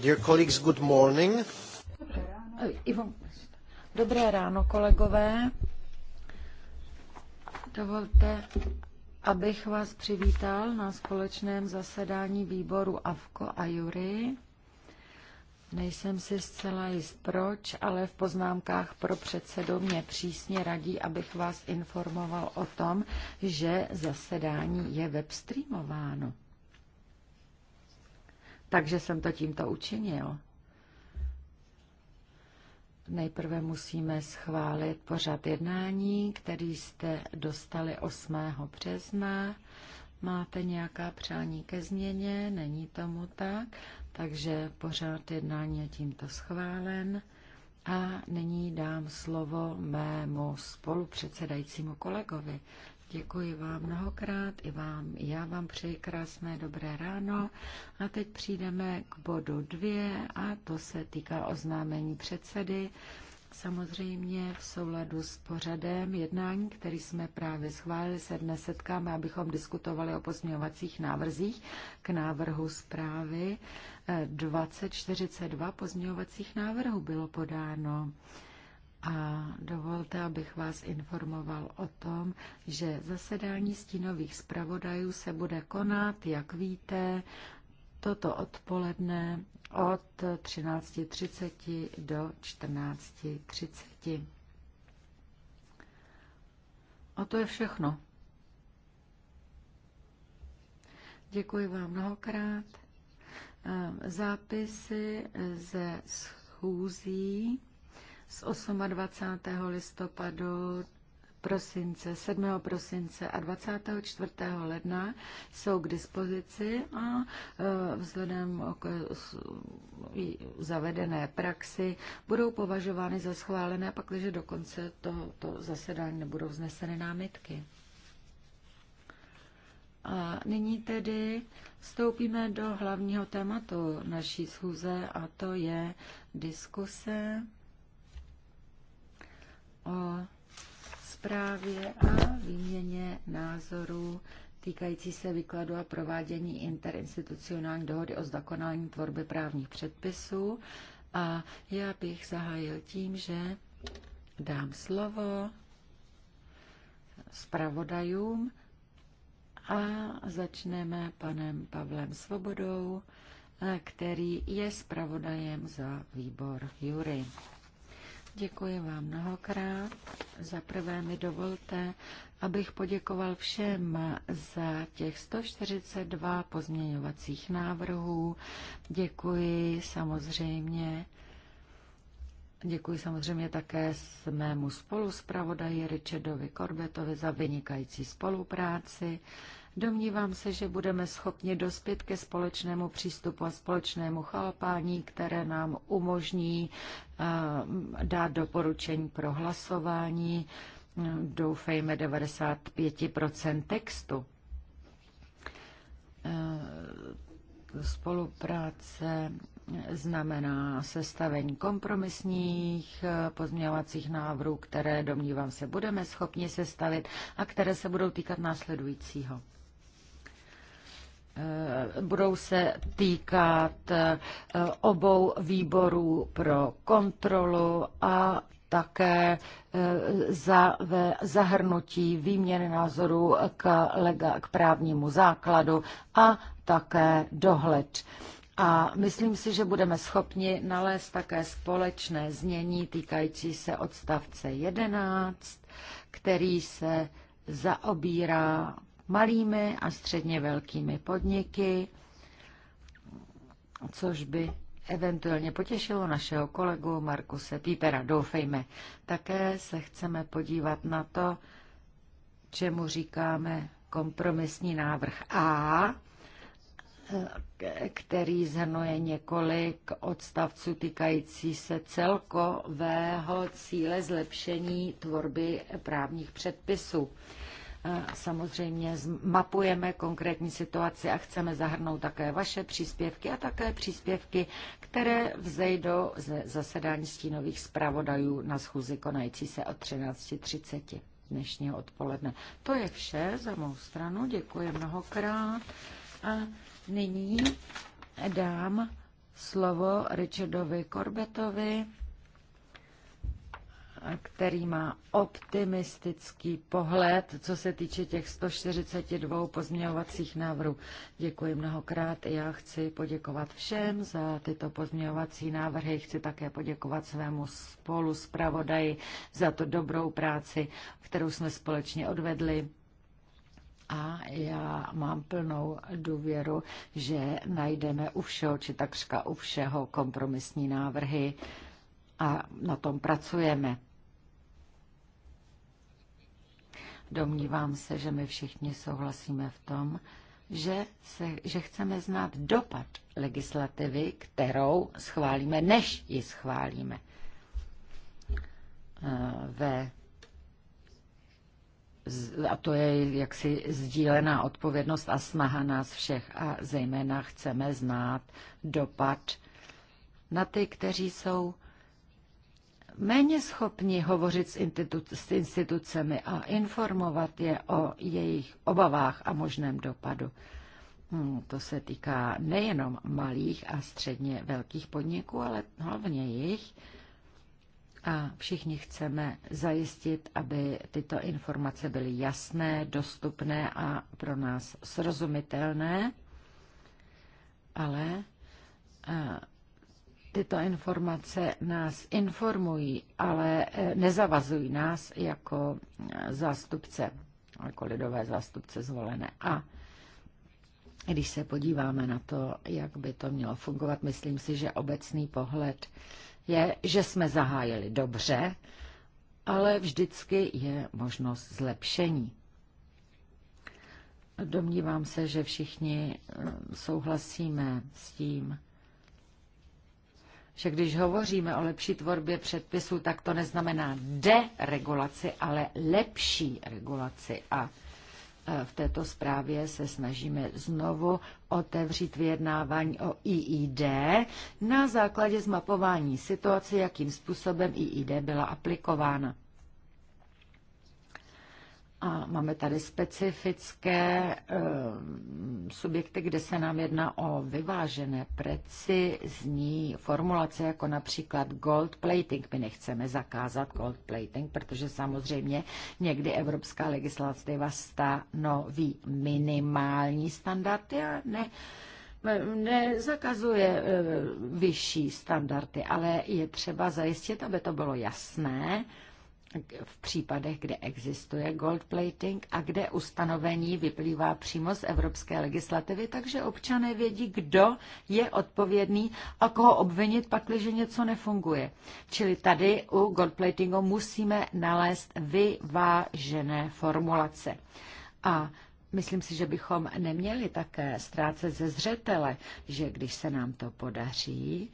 Dear colleagues, good morning. Dobré ráno, kolegové. Dovolte, abych vás přivítal na společném zasedání výboru AVKO a Jury. Nejsem si zcela jist proč, ale v poznámkách pro předsedu mě přísně radí, abych vás informoval o tom, že zasedání je webstreamováno. Takže jsem to tímto učinil. Nejprve musíme schválit pořad jednání, který jste dostali 8. března. Máte nějaká přání ke změně? Není tomu tak. Takže pořád jednání je tímto schválen. A nyní dám slovo mému spolupředsedajícímu kolegovi, Děkuji vám mnohokrát i vám. Já vám přeji krásné dobré ráno. A teď přijdeme k bodu dvě a to se týká oznámení předsedy. Samozřejmě v souladu s pořadem jednání, který jsme právě schválili, se dnes setkáme, abychom diskutovali o pozměňovacích návrzích k návrhu zprávy. 2042 eh, pozměňovacích návrhů bylo podáno. A dovolte, abych vás informoval o tom, že zasedání stínových zpravodajů se bude konat, jak víte, toto odpoledne od 13.30 do 14.30. A to je všechno. Děkuji vám mnohokrát. Zápisy ze schůzí z 28. listopadu prosince, 7. prosince a 24. ledna jsou k dispozici a e, vzhledem k zavedené praxi budou považovány za schválené, pakliže do konce tohoto zasedání nebudou vzneseny námitky. A nyní tedy vstoupíme do hlavního tématu naší schůze a to je diskuse o zprávě a výměně názorů týkající se výkladu a provádění interinstitucionální dohody o zdokonalení tvorby právních předpisů. A já bych zahájil tím, že dám slovo zpravodajům a začneme panem Pavlem Svobodou, který je zpravodajem za výbor Jury. Děkuji vám mnohokrát. Za prvé mi dovolte, abych poděkoval všem za těch 142 pozměňovacích návrhů. Děkuji samozřejmě. Děkuji samozřejmě také mému spoluspravodaji Richardovi Korbetovi za vynikající spolupráci Domnívám se, že budeme schopni dospět ke společnému přístupu a společnému chápání, které nám umožní eh, dát doporučení pro hlasování, doufejme 95% textu. Eh, spolupráce znamená sestavení kompromisních eh, pozměňovacích návrhů, které domnívám se budeme schopni sestavit a které se budou týkat následujícího. Eh, budou se týkat eh, obou výborů pro kontrolu a také eh, za, ve zahrnutí výměny názorů k, lega, k právnímu základu a také dohled. A myslím si, že budeme schopni nalézt také společné znění týkající se odstavce 11, který se zaobírá malými a středně velkými podniky, což by eventuálně potěšilo našeho kolegu Markuse Pípera. Doufejme. Také se chceme podívat na to, čemu říkáme kompromisní návrh A, který zhrnuje několik odstavců týkající se celkového cíle zlepšení tvorby právních předpisů. Samozřejmě mapujeme konkrétní situaci a chceme zahrnout také vaše příspěvky a také příspěvky, které vzejdou ze zasedání stínových zpravodajů na schůzi konající se od 13.30 dnešního odpoledne. To je vše za mou stranu. Děkuji mnohokrát. A nyní dám slovo Richardovi Korbetovi který má optimistický pohled, co se týče těch 142 pozměňovacích návrhů. Děkuji mnohokrát. Já chci poděkovat všem za tyto pozměňovací návrhy. Chci také poděkovat svému spolu zpravodaji za tu dobrou práci, kterou jsme společně odvedli a já mám plnou důvěru, že najdeme u všeho, či takřka u všeho kompromisní návrhy a na tom pracujeme. Domnívám se, že my všichni souhlasíme v tom, že, se, že chceme znát dopad legislativy, kterou schválíme, než ji schválíme. Eh, ve, a to je jaksi sdílená odpovědnost a snaha nás všech. A zejména chceme znát dopad na ty, kteří jsou méně schopni hovořit s, institu- s institucemi a informovat je o jejich obavách a možném dopadu. Hmm, to se týká nejenom malých a středně velkých podniků, ale hlavně jich. A všichni chceme zajistit, aby tyto informace byly jasné, dostupné a pro nás srozumitelné, ale Tyto informace nás informují, ale eh, nezavazují nás jako eh, zástupce, jako lidové zástupce zvolené. A když se podíváme na to, jak by to mělo fungovat, myslím si, že obecný pohled je, že jsme zahájili dobře, ale vždycky je možnost zlepšení. Domnívám se, že všichni eh, souhlasíme s tím, že když hovoříme o lepší tvorbě předpisů, tak to neznamená deregulaci, ale lepší regulaci. A e, v této zprávě se snažíme znovu otevřít vyjednávání o IID na základě zmapování situace, jakým způsobem IID byla aplikována. A máme tady specifické eh, subjekty, kde se nám jedná o vyvážené, precizní formulace, jako například gold plating. My nechceme zakázat gold plating, protože samozřejmě někdy evropská legislativa stanoví minimální standardy a ne nezakazuje eh, vyšší standardy, ale je třeba zajistit, aby to bylo jasné, v případech, kde existuje gold plating a kde ustanovení vyplývá přímo z evropské legislativy, takže občané vědí, kdo je odpovědný a koho obvinit, pakliže něco nefunguje. Čili tady u gold platingu musíme nalézt vyvážené formulace. A myslím si, že bychom neměli také ztrácet ze zřetele, že když se nám to podaří,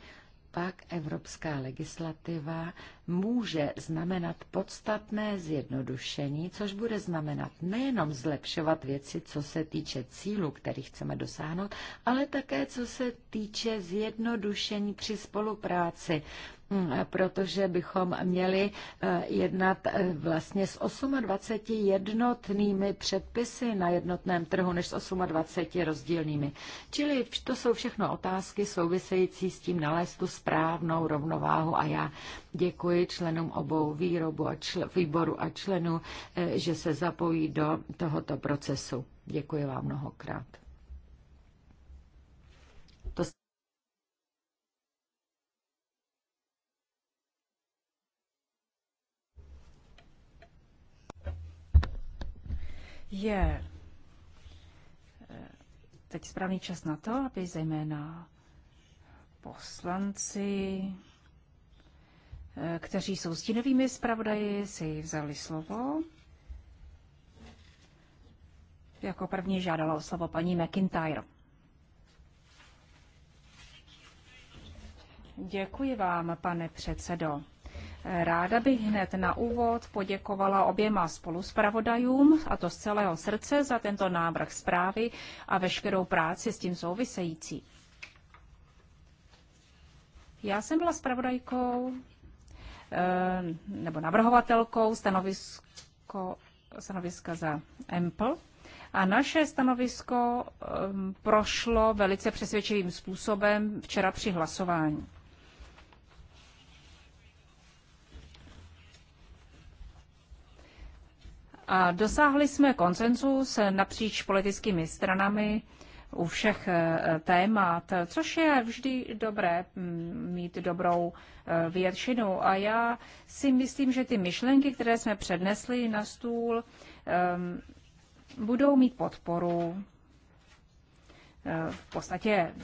Naopak evropská legislativa může znamenat podstatné zjednodušení, což bude znamenat nejenom zlepšovat věci, co se týče cílu, který chceme dosáhnout, ale také co se týče zjednodušení při spolupráci Mm, protože bychom měli eh, jednat eh, vlastně s 28 jednotnými předpisy na jednotném trhu než s 28 rozdílnými. Čili to jsou všechno otázky související s tím nalézt tu správnou rovnováhu a já děkuji členům obou výrobu a čl- výboru a členů, eh, že se zapojí do tohoto procesu. Děkuji vám mnohokrát. je eh, teď správný čas na to, aby zejména poslanci, eh, kteří jsou stínovými zpravodaji, si vzali slovo. Jako první žádala o slovo paní McIntyre. Děkuji vám, pane předsedo. Ráda bych hned na úvod poděkovala oběma spoluspravodajům, a to z celého srdce, za tento návrh zprávy a veškerou práci s tím související. Já jsem byla spravodajkou eh, nebo navrhovatelkou stanovisko, stanoviska za EMPL a naše stanovisko eh, prošlo velice přesvědčivým způsobem včera při hlasování. A dosáhli jsme koncenzu se napříč politickými stranami u všech eh, témat, což je vždy dobré mm, mít dobrou eh, většinu. A já si myslím, že ty myšlenky, které jsme přednesli na stůl, ehm, budou mít podporu eh, v podstatě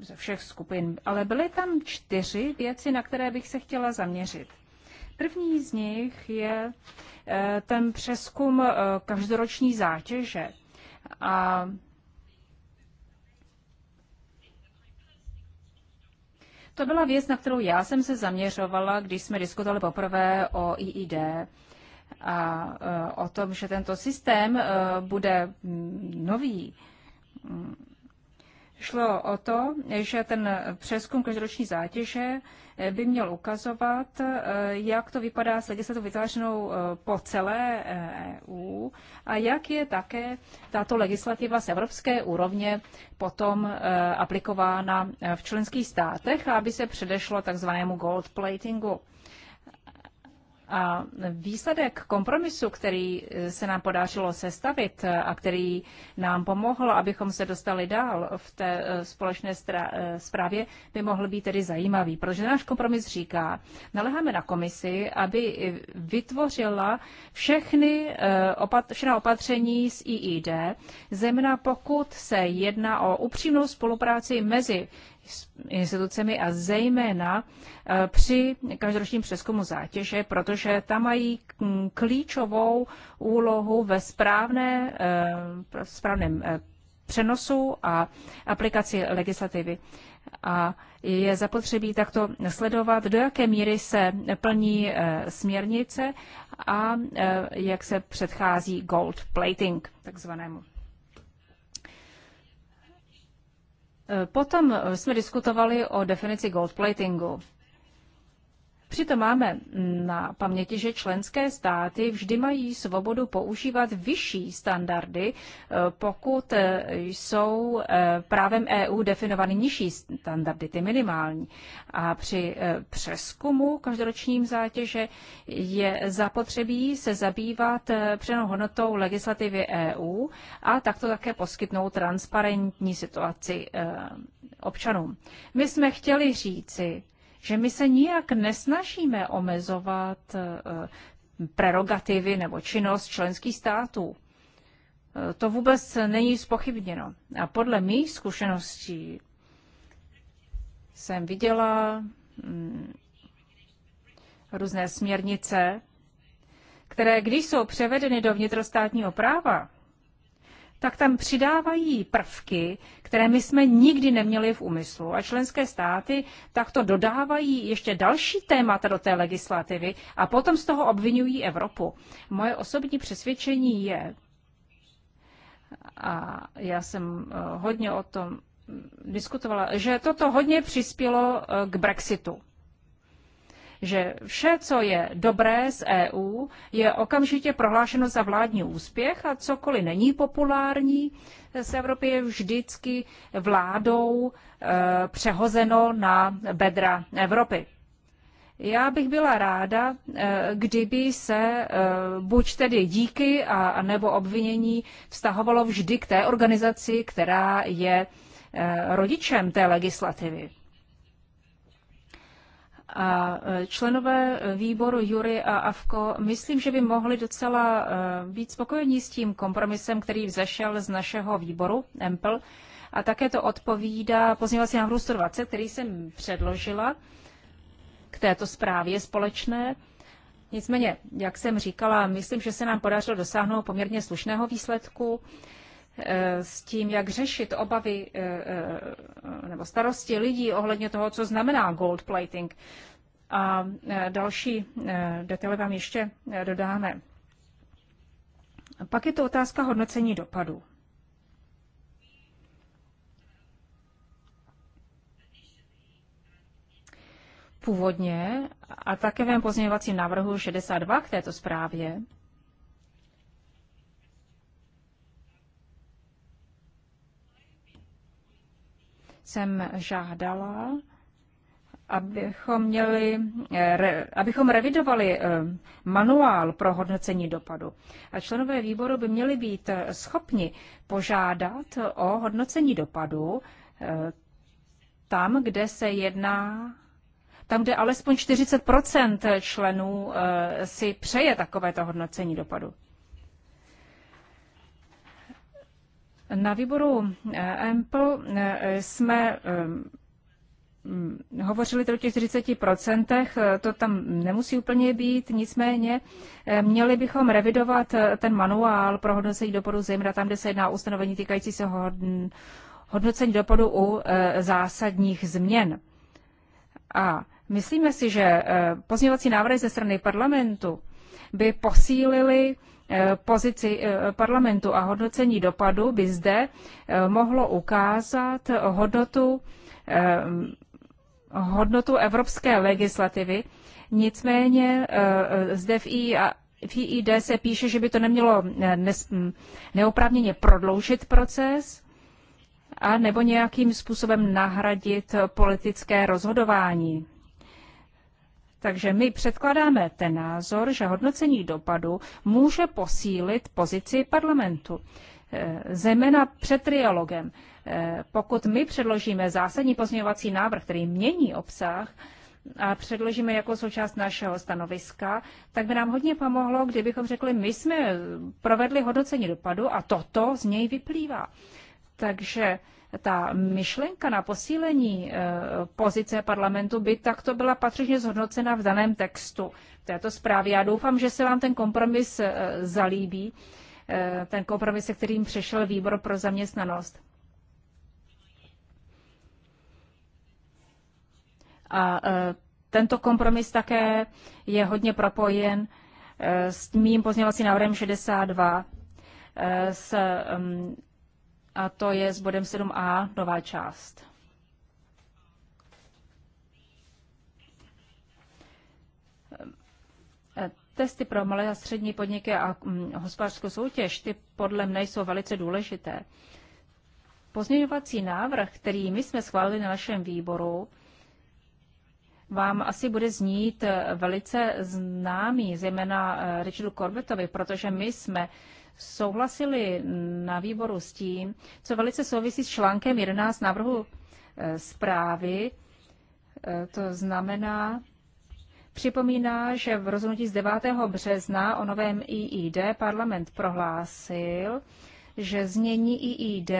ze všech skupin. Ale byly tam čtyři věci, na které bych se chtěla zaměřit. První z nich je eh, ten přeskum eh, každoroční zátěže. A to byla věc, na kterou já jsem se zaměřovala, když jsme diskutovali poprvé o IID a eh, o tom, že tento systém bude mm, nový. Mm. Šlo o to, že ten přeskum každoroční zátěže by měl ukazovat, eh, jak to vypadá s legislativou vytvářenou eh, po celé EU eh, e a jak je také tato legislativa z evropské úrovně potom aplikována v členských státech, aby se předešlo takzvanému gold platingu. A výsledek kompromisu, který eh, se nám podařilo sestavit eh, a který nám pomohl, abychom se dostali dál v té eh, společné zprávě, by mohl být tedy zajímavý, protože náš kompromis říká, naleháme na komisi, aby vytvořila všechny opat, všechna opatření z IID, zejména pokud se jedná o upřímnou spolupráci mezi institucemi a zejména eh, při každoročním přeskumu zátěže, protože tam mají mm, klíčovou úlohu ve správné, eh, správném eh, přenosu a aplikaci legislativy. A je zapotřebí takto sledovat, do jaké míry se plní směrnice a jak se předchází gold plating takzvanému. Potom jsme diskutovali o definici goldplatingu. Přitom máme na paměti, že členské státy vždy mají svobodu používat vyšší standardy, eh, pokud eh, jsou eh, právem EU definovány nižší standardy, ty minimální. A při přeskumu každoročním zátěže je zapotřebí se zabývat přenou hodnotou legislativy EU a takto také poskytnout transparentní situaci občanům. My jsme chtěli říci, že my se nijak nesnažíme omezovat eh, prerogativy nebo činnost členských států. Eh, to vůbec není spochybněno. A podle mých zkušeností jsem viděla mm, různé směrnice, které, když jsou převedeny do vnitrostátního práva, tak tam přidávají prvky, které my jsme nikdy neměli v úmyslu. A členské státy takto dodávají ještě další témata do té legislativy a potom z toho obvinují Evropu. Moje osobní přesvědčení je, a já jsem eh, hodně o tom diskutovala, že toto hodně přispělo eh, k Brexitu že vše, co je dobré z EU, je okamžitě prohlášeno za vládní úspěch a cokoliv není populární z Evropy je vždycky vládou e, přehozeno na bedra Evropy. Já bych byla ráda, e, kdyby se e, buď tedy díky a nebo obvinění vztahovalo vždy k té organizaci, která je e, rodičem té legislativy. A e, členové výboru Jury a Avko, myslím, že by mohli docela e, být spokojení s tím kompromisem, který vzešel z našeho výboru EMPL. A také to odpovídá pozměňovací návrhu 120, který jsem předložila k této zprávě společné. Nicméně, jak jsem říkala, myslím, že se nám podařilo dosáhnout poměrně slušného výsledku. Eh, s tím, jak řešit obavy eh, eh, nebo starosti lidí ohledně toho, co znamená gold plating. A další detaily vám ještě dodáme. Pak je to otázka hodnocení dopadů. Původně a také v pozměňovacím návrhu 62 k této zprávě jsem žádala, abychom, měli, eh, abychom revidovali eh, manuál pro hodnocení dopadu. A členové výboru by měli být eh, schopni požádat o hodnocení dopadu tam, kde se jedná tam, kde alespoň 40 členů si přeje takovéto hodnocení dopadu. Na výboru Ample eh, eh, jsme eh, hovořili o těch 40%, to tam nemusí úplně být, nicméně měli bychom revidovat ten manuál pro hodnocení dopadu zejména tam, kde se jedná o ustanovení týkající se hodnocení dopadu u zásadních změn. A myslíme si, že pozměňovací návrhy ze strany parlamentu by posílili. Eh, pozici eh, parlamentu a hodnocení dopadu by zde eh, mohlo ukázat hodnotu, hodnotu evropské legislativy. Nicméně zde v IA v IID se píše, že by to nemělo neoprávněně prodloužit proces a nebo nějakým způsobem nahradit politické rozhodování. Takže my předkládáme ten názor, že hodnocení dopadu může posílit pozici parlamentu eh, zejména před trialogem. Eh, pokud my předložíme zásadní pozměňovací návrh, který mění obsah, a předložíme jako součást našeho stanoviska, tak by nám hodně pomohlo, kdybychom řekli, my jsme provedli hodnocení dopadu a toto z něj vyplývá. Takže ta myšlenka na posílení e, pozice parlamentu by takto byla patřičně zhodnocena v daném textu v této zprávě. Já doufám, že se vám ten kompromis e, zalíbí, e, ten kompromis, se kterým přešel výbor pro zaměstnanost. A tento kompromis také je hodně propojen s mým pozměňovacím návrhem 62 s mm, a to je s bodem 7a nová část. Testy pro malé a střední podniky a mm, hospodářskou soutěž, ty podle mne jsou velice důležité. Pozměňovací návrh, který my jsme schválili na našem výboru, vám asi bude znít velice známý, zejména eh, Richardu Corbettovi, protože my jsme souhlasili na výboru s tím, co velice souvisí s článkem 11 návrhu e, zprávy. E, to znamená, připomíná, že v rozhodnutí z 9. března o novém IID parlament prohlásil, že znění IID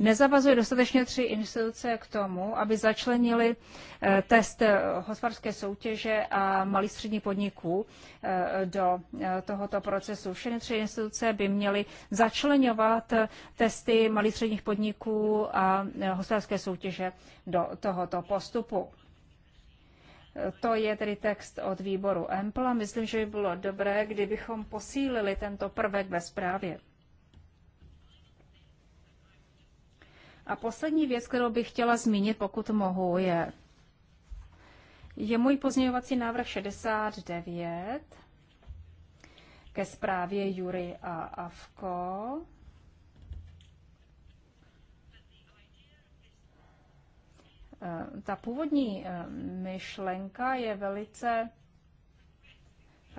nezavazuje dostatečně tři instituce k tomu, aby začlenili eh, test eh, hospodářské soutěže a malý střední podniků eh, do tohoto procesu. Všechny tři instituce by měly začlenovat testy malých středních podniků a hospodářské soutěže do tohoto postupu. To je tedy text od výboru EMPL a myslím, že by bylo dobré, kdybychom posílili tento prvek ve zprávě. A poslední věc, kterou bych chtěla zmínit, pokud mohu, je, je můj pozměňovací návrh 69 ke zprávě Jury a Avko. Eh, ta původní eh, myšlenka je velice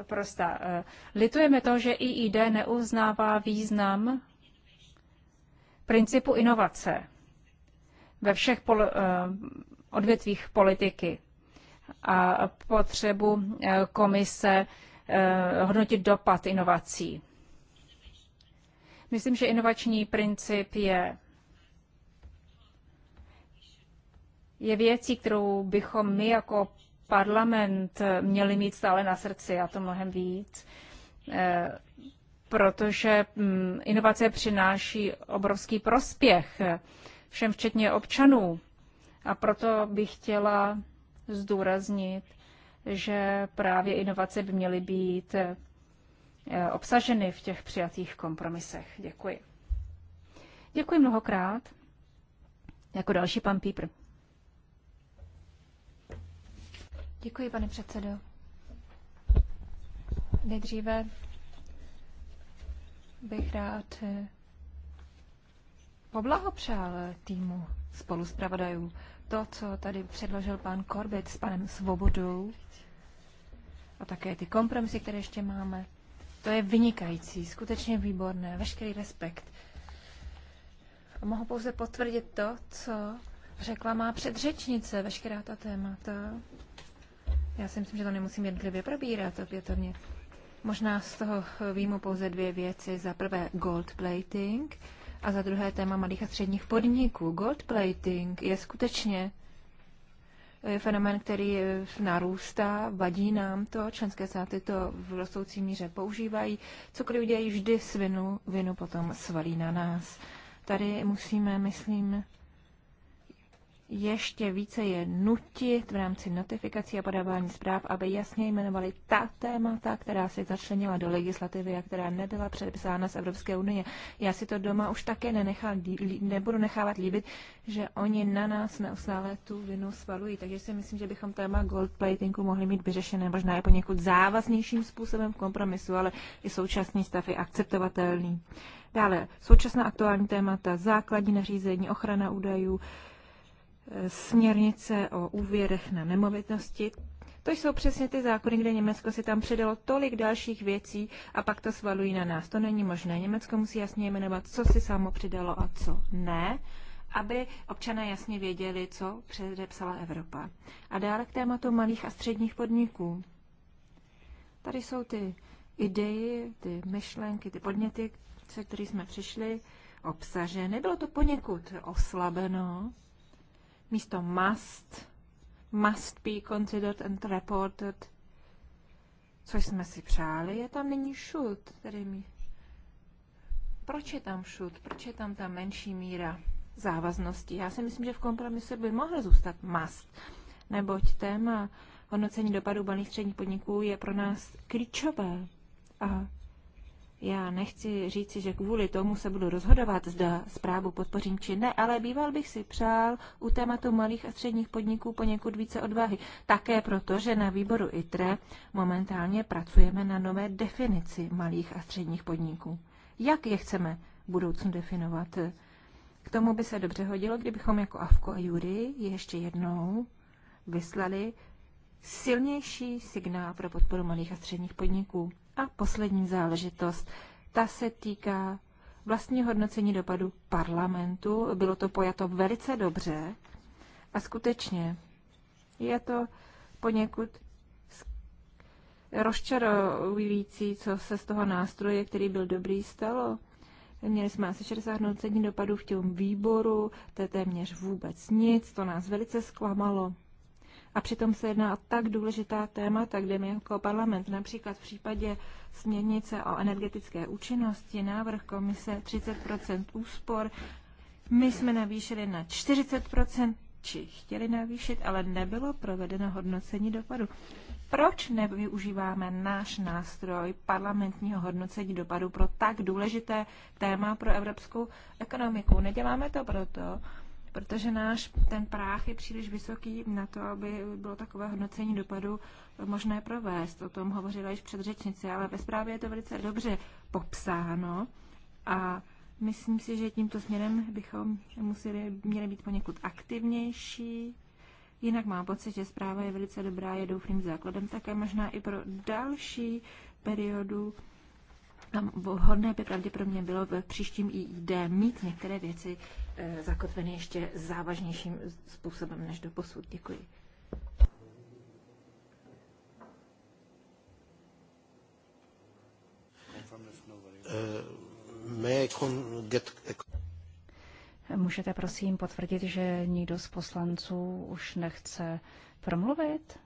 prostá. Eh, litujeme to, že IID neuznává význam principu inovace ve všech pol, eh, odvětvích politiky a potřebu eh, komise eh, hodnotit dopad inovací. Myslím, že inovační princip je, je věcí, kterou bychom my jako parlament měli mít stále na srdci, a to mnohem víc, protože mm, inovace přináší obrovský prospěch všem včetně občanů. A proto bych chtěla zdůraznit, že právě inovace by měly být eh, obsaženy v těch přijatých kompromisech. Děkuji. Děkuji mnohokrát. Jako další pan Pípr. Děkuji, pane předsedo. Nejdříve bych rád eh, poblahopřál týmu spoluzpravodajů. To, co tady předložil pan Korbit s panem Svobodou a také ty kompromisy, které ještě máme, to je vynikající, skutečně výborné, veškerý respekt. A mohu pouze potvrdit to, co řekla má předřečnice, veškerá ta témata. Já si myslím, že to nemusím jednotlivě probírat opětovně. Možná z toho vím pouze dvě věci. Za prvé gold plating, a za druhé téma malých a středních podniků. Gold plating je skutečně eh, fenomén, který eh, narůstá, vadí nám to, členské státy to v rostoucí míře používají. Cokoliv udělají, vždy svinu, vinu potom svalí na nás. Tady musíme, myslím, ještě více je nutit v rámci notifikací a podávání zpráv, aby jasně jmenovali ta témata, která se začlenila do legislativy a která nebyla předepsána z Evropské unie. Já si to doma už také nenechal, nebudu nechávat líbit, že oni na nás neustále tu vinu svalují. Takže si myslím, že bychom téma gold platingu mohli mít vyřešené možná i poněkud závaznějším způsobem v kompromisu, ale i současný stav je akceptovatelný. Dále současná aktuální témata, základní nařízení, ochrana údajů, Eh, směrnice o úvěrech na nemovitosti. To jsou přesně ty zákony, kde Německo si tam předalo tolik dalších věcí a pak to svalují na nás. To není možné. Německo musí jasně jmenovat, co si samo přidalo a co ne, aby občané jasně věděli, co předepsala Evropa. A dále k tématu malých a středních podniků. Tady jsou ty ideje, ty myšlenky, ty podněty, se kterými jsme přišli, obsaženy. Bylo to poněkud oslabeno místo must, must be considered and reported, což jsme si přáli, je tam nyní should, tedy mi. Proč je tam should? Proč je tam ta menší míra závaznosti? Já si myslím, že v kompromise by mohl zůstat must, neboť téma hodnocení dopadů balných středních podniků je pro nás klíčové. A já nechci říci, že kvůli tomu se budu rozhodovat, zda zprávu podpořím či ne, ale býval bych si přál u tématu malých a středních podniků poněkud více odvahy. Také proto, že na výboru ITRE momentálně pracujeme na nové definici malých a středních podniků. Jak je chceme v budoucnu definovat? K tomu by se dobře hodilo, kdybychom jako Avko a Jury ještě jednou vyslali silnější signál pro podporu malých a středních podniků. A poslední záležitost, ta se týká vlastní hodnocení dopadu parlamentu. Bylo to pojato velice dobře a skutečně je to poněkud rozčarovující, co se z toho nástroje, který byl dobrý, stalo. Měli jsme asi 60 hodnocení dopadu v tom výboru, to je téměř vůbec nic, to nás velice zklamalo. A přitom se jedná o tak důležitá témata, kde my jako parlament, například v případě směrnice o energetické účinnosti, návrh komise 30 úspor, my jsme navýšili na 40 či chtěli navýšit, ale nebylo provedeno hodnocení dopadu. Proč nevyužíváme náš nástroj parlamentního hodnocení dopadu pro tak důležité téma pro evropskou ekonomiku? Neděláme to proto, protože náš ten práh je příliš vysoký na to, aby bylo takové hodnocení dopadu možné provést. O tom hovořila již předřečnice, ale ve zprávě je to velice dobře popsáno a myslím si, že tímto směrem bychom museli, měli být poněkud aktivnější. Jinak mám pocit, že zpráva je velice dobrá, je doufným základem také možná i pro další periodu. A vhodné by pravděpodobně bylo v příštím IID mít některé věci Eh, zakotveny ještě závažnějším způsobem než do posud. Děkuji. Můžete prosím potvrdit, že nikdo z poslanců už nechce promluvit?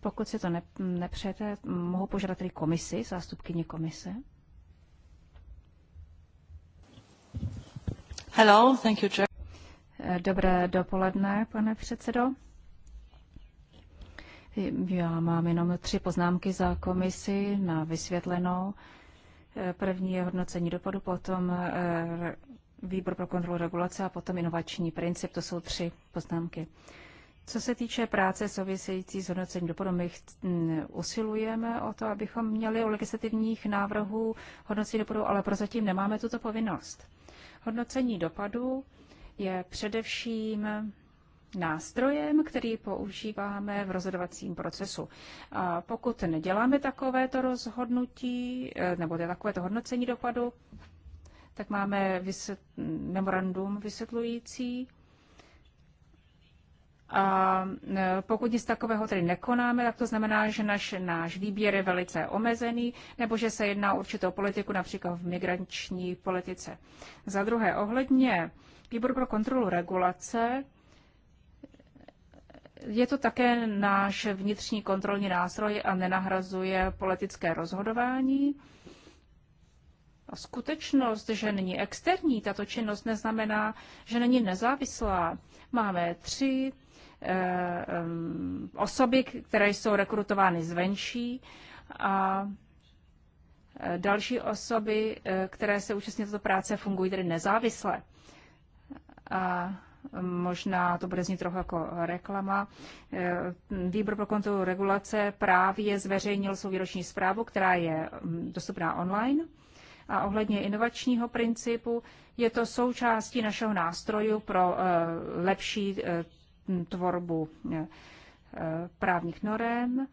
Pokud si to nepřejete, mohu požádat tedy komisi, zástupkyně komise? Hello, thank you, Chair. Dobré dopoledne, pane předsedo. Já mám jenom tři poznámky za komisi na vysvětlenou. První je hodnocení dopadu, potom eh, výbor pro kontrolu regulace a potom inovační princip. To jsou tři poznámky. Co se týče práce související s hodnocením dopadu, my mm, usilujeme o to, abychom měli u legislativních návrhů hodnocení dopadu, ale prozatím nemáme tuto povinnost. Hodnocení dopadů je především nástrojem, který používáme v rozhodovacím procesu. A pokud neděláme takovéto rozhodnutí eh, nebo takovéto hodnocení dopadu, tak máme vysvět, memorandum vysvětlující a e, pokud nic takového tedy nekonáme, tak to znamená, že naš, náš výběr je velice omezený, nebo že se jedná o určitou politiku, například v migrační politice. Za druhé, ohledně výboru pro kontrolu regulace, je to také náš vnitřní kontrolní nástroj a nenahrazuje politické rozhodování. A skutečnost, že není externí tato činnost, neznamená, že není nezávislá. Máme tři Eh, osoby, které jsou rekrutovány zvenčí a eh, další osoby, eh, které se účastní této práce, fungují tedy nezávisle. A možná to bude znít trochu jako reklama. Výbor pro kontrolu regulace právě zveřejnil svou výroční zprávu, která je mm, dostupná online. A ohledně inovačního principu je to součástí našeho nástroju pro lepší tvorbu eh, eh, právních norem,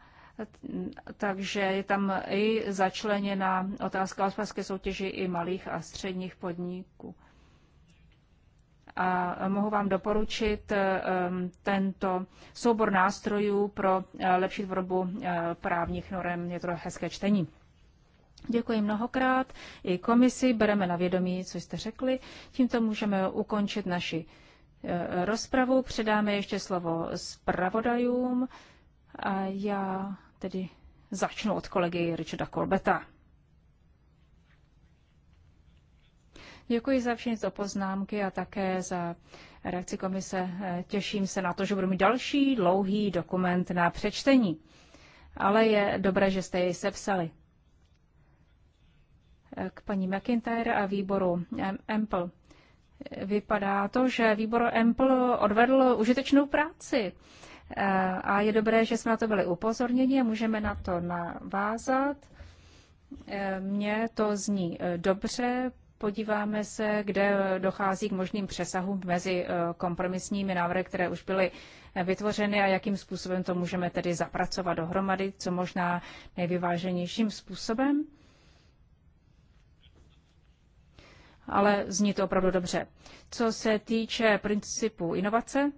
takže je tam i začleněna otázka hospodářské soutěži i malých a středních podniků. A mohu vám doporučit eh, tento soubor nástrojů pro lepší tvorbu právních norem. Je to hezké čtení. Děkuji mnohokrát i komisi, bereme na vědomí, co jste řekli. Tímto můžeme ukončit naši Eh, rozpravu, předáme ještě slovo zpravodajům a já tedy začnu od kolegy Richarda Kolbeta. Děkuji za všechny to poznámky a také za reakci komise. Eh, těším se na to, že budu mít další dlouhý dokument na přečtení. Ale je dobré, že jste jej sepsali. Eh, k paní McIntyre a výboru Ample vypadá to, že výbor EMPL odvedl užitečnou práci. A je dobré, že jsme na to byli upozorněni a můžeme na to navázat. Mně to zní eh, dobře. Podíváme se, kde dochází k možným přesahům mezi eh, kompromisními návrhy, které už byly eh, vytvořeny a jakým způsobem to můžeme tedy zapracovat dohromady, co možná nejvyváženějším způsobem. ale zní to opravdu dobře. Co se týče principu inovace,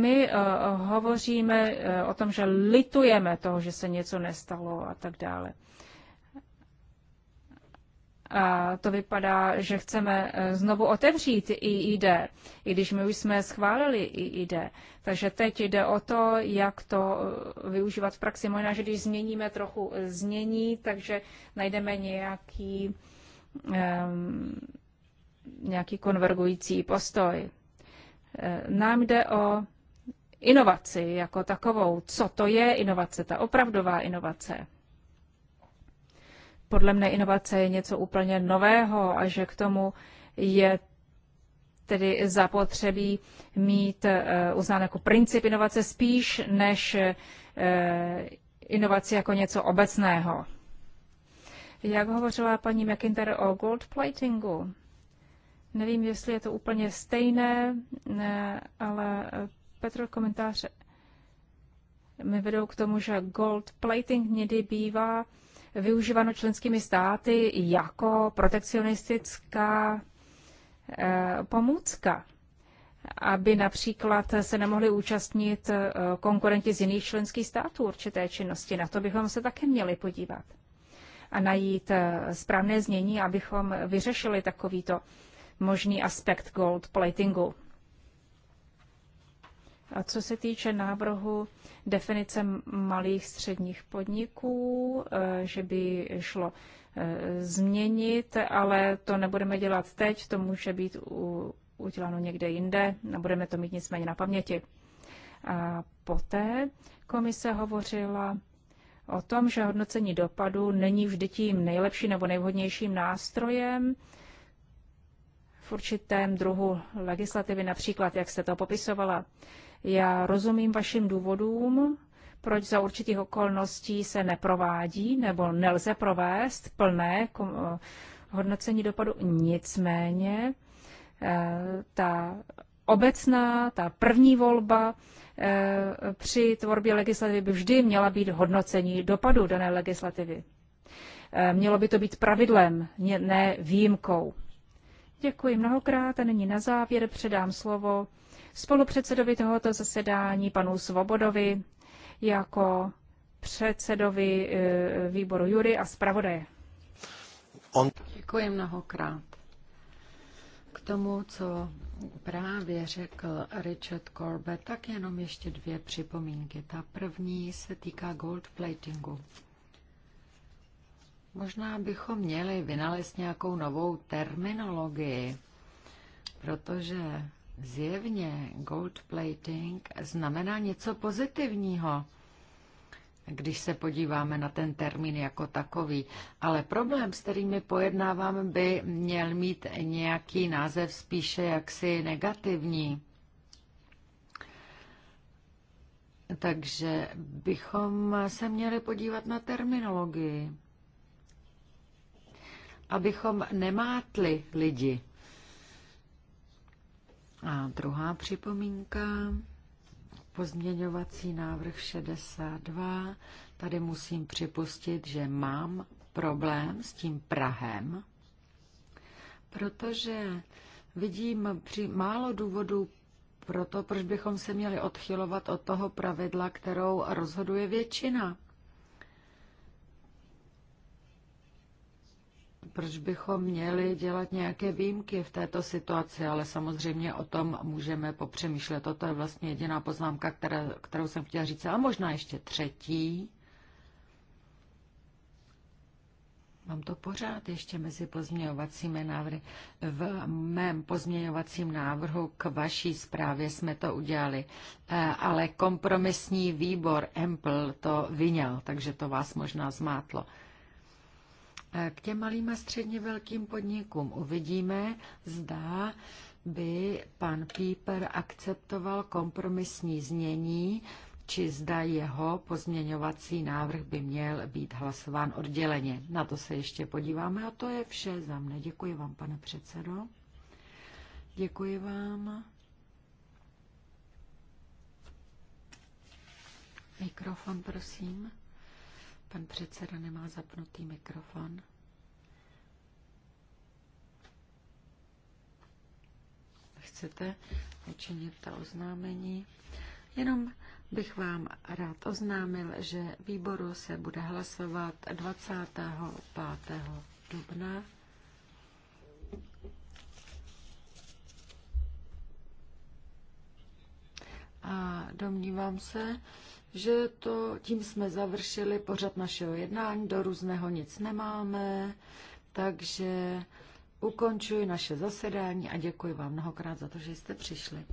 my uh, hovoříme uh, o tom, že litujeme toho, že se něco nestalo a tak dále. Uh, a to vypadá, že chceme eh, znovu otevřít IID, i když my už jsme schválili IID. Takže teď jde o to, jak to eh, využívat v praxi. Možná, že když změníme trochu eh, změní, takže najdeme nějaký, ehm, nějaký konvergující postoj. Nám jde o inovaci jako takovou. Co to je inovace, ta opravdová inovace? podle mne inovace je něco úplně nového a že k tomu je tedy zapotřebí mít eh, uznán jako princip inovace spíš než eh, inovaci jako něco obecného. Jak hovořila paní McIntyre o gold platingu? Nevím, jestli je to úplně stejné, ne, ale eh, Petr komentáře mi vedou k tomu, že gold plating někdy bývá využíváno členskými státy jako protekcionistická eh, pomůcka, aby například se nemohli účastnit eh, konkurenti z jiných členských států určité činnosti. Na to bychom se také měli podívat a najít eh, správné znění, abychom vyřešili takovýto možný aspekt gold platingu. A co se týče návrhu definice malých středních podniků, eh, že by šlo eh, změnit, ale to nebudeme dělat teď, to může být uděláno někde jinde, nebudeme to mít nicméně na paměti. A poté komise hovořila o tom, že hodnocení dopadu není vždy tím nejlepším nebo nejvhodnějším nástrojem v určitém druhu legislativy, například jak jste to popisovala. Já rozumím vašim důvodům, proč za určitých okolností se neprovádí nebo nelze provést plné hodnocení dopadu. Nicméně eh, ta obecná, ta první volba eh, při tvorbě legislativy by vždy měla být hodnocení dopadu dané legislativy. Eh, mělo by to být pravidlem, ne výjimkou. Děkuji mnohokrát a nyní na závěr předám slovo spolupředsedovi tohoto zasedání, panu Svobodovi, jako předsedovi e, výboru Jury a zpravodaje. On... Děkuji mnohokrát. K tomu, co právě řekl Richard Corbett, tak jenom ještě dvě připomínky. Ta první se týká gold platingu. Možná bychom měli vynalézt nějakou novou terminologii, protože zjevně gold plating znamená něco pozitivního, když se podíváme na ten termín jako takový. Ale problém, s kterými pojednávám, by měl mít nějaký název spíše jaksi negativní. Takže bychom se měli podívat na terminologii abychom nemátli lidi. A druhá připomínka, pozměňovací návrh 62. Tady musím připustit, že mám problém s tím Prahem, protože vidím při málo důvodů pro to, proč bychom se měli odchylovat od toho pravidla, kterou rozhoduje většina. proč bychom měli dělat nějaké výjimky v této situaci, ale samozřejmě o tom můžeme popřemýšlet. Toto je vlastně jediná poznámka, která, kterou jsem chtěla říct, ale možná ještě třetí. Mám to pořád ještě mezi pozměňovacími návrhy. V mém pozměňovacím návrhu k vaší zprávě jsme to udělali, eh, ale kompromisní výbor Empl to vyněl, takže to vás možná zmátlo. K těm malým a středně velkým podnikům uvidíme, zda by pan Píper akceptoval kompromisní znění, či zda jeho pozměňovací návrh by měl být hlasován odděleně. Na to se ještě podíváme a to je vše za mne. Děkuji vám, pane předsedo. Děkuji vám. Mikrofon, prosím. Pan předseda nemá zapnutý mikrofon. Chcete učinit ta oznámení? Jenom bych vám rád oznámil, že výboru se bude hlasovat 25. dubna. A domnívám se, že to tím jsme završili pořad našeho jednání, do různého nic nemáme, takže ukončuji naše zasedání a děkuji vám mnohokrát za to, že jste přišli.